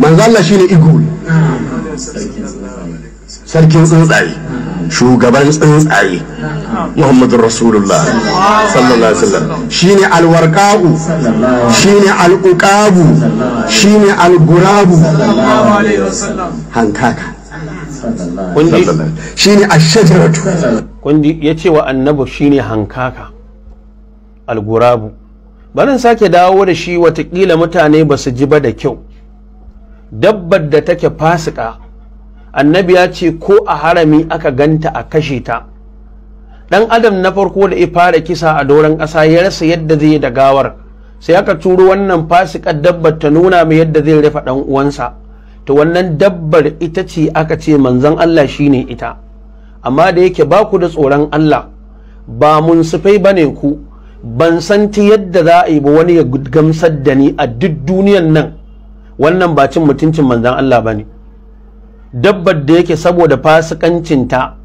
manzalla shi ne igul sarkin tsuntsaye shugaban tsuntsaye muhammadu rasulullah sallallahu alaihi wasallam shi ne alwarkabu shi ne al'ukabu shi ne algurabu hankaka shi ne ashajaratu ya ce wa annabu shi ne hankaka algurabu barin sake dawo da shi watakila mutane ba su ji ba da kyau dabbar da take fasika annabi ya ce ko a harami aka ganta a kashe ta dan adam na farko da ya fara kisa a doron ƙasa ya rasa yadda zai yi da gawar sai aka turo wannan fasikar dabbar ta nuna mai yadda zai rufe dan uwansa to wannan dabbar ita ce aka ce manzon Allah shine ita amma da yake ba ku da tsoron Allah ba mun sufai bane ku ban san ta yadda za a yi ba wani ya gamsar da ni a duk duniyan nan wannan ba cin mutuncin manzan Allah ba ne dabbar da yake saboda fasikancinta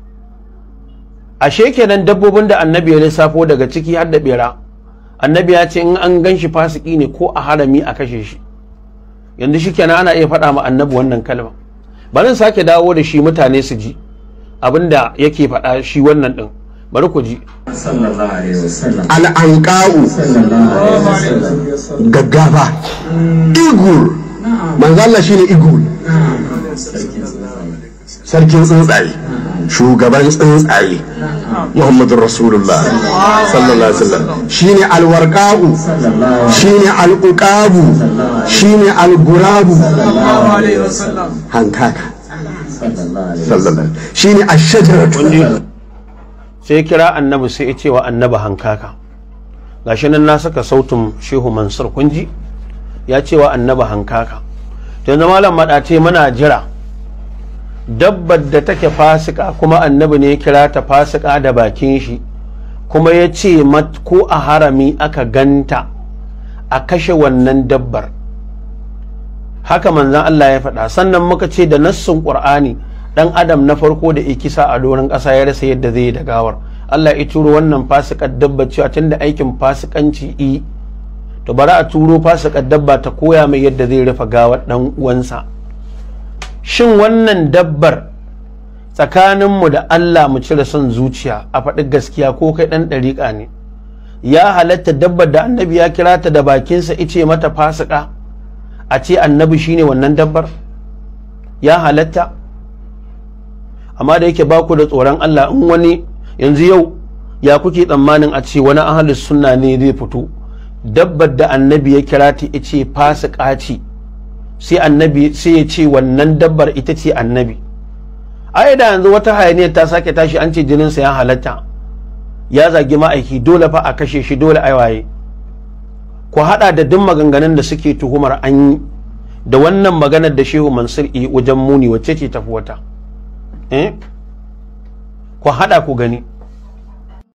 ashe kenan dabbobin da annabi ya lissafo daga ciki har da bera annabi ya ce in an gan shi fasiki ne ko a harami a kashe shi yanzu shi kenan ana iya faɗa ma annabi wannan kalma bari sake dawo da shi mutane su ji abinda yake faɗa shi wannan ɗin bari ku ji al'anƙa'u gaggaba igul manzala shi ne igul sarkin tsuntsaye shugaban tsuntsaye muhammadu rasulullah sallallahu alaihi wasallam shi ne shine shi ne algurabu hankaka sallallahu alaihi wasallam shine ashajaratu sai kira annabi sai ya ce wa annabi hankaka gashi nan na saka sautin shehu mansur kunji ya ce wa annabi hankaka to yanzu malam madace muna jira dabbar da take fasika kuma annabi ne ya kira ta fasika da bakin shi kuma ya ce ko a harami aka ganta a kashe wannan dabbar haka manzan Allah ya faɗa sannan muka ce da nassun ƙur'ani dan adam na farko da ya a doron ƙasa ya rasa yadda zai da gawar Allah ya turo wannan fasikar dabba cewa tun aikin fasikanci i to bari a turo fasikar dabba ta koya mai yadda zai rufe gawar dan uwansa shin wannan dabbar tsakanin mu da Allah mu cire son zuciya a faɗi gaskiya ko kai ɗan ɗariƙa ne ya halatta dabbar da annabi ya kira ta da bakinsa ice mata fasika a ce annabi shine wannan dabbar ya halatta amma da yake baku da tsoron Allah in wani yanzu yau ya kuke tsammanin a ce wani ahalus sunna ne zai fito dabbar da annabi ya kira ta ce fasika ce sai annabi sai ya ce wannan dabbar ita ce annabi ai da yanzu wata hayaniya ta sake tashi an ce jinin ya halatta ya zagi ma'aiki dole fa a kashe shi dole ai waye ku hada da duk maganganun da suke tuhumar an yi da wannan maganar da shehu mansur i wajen muni wacce ce tafi wata Eh? ku hada ku gani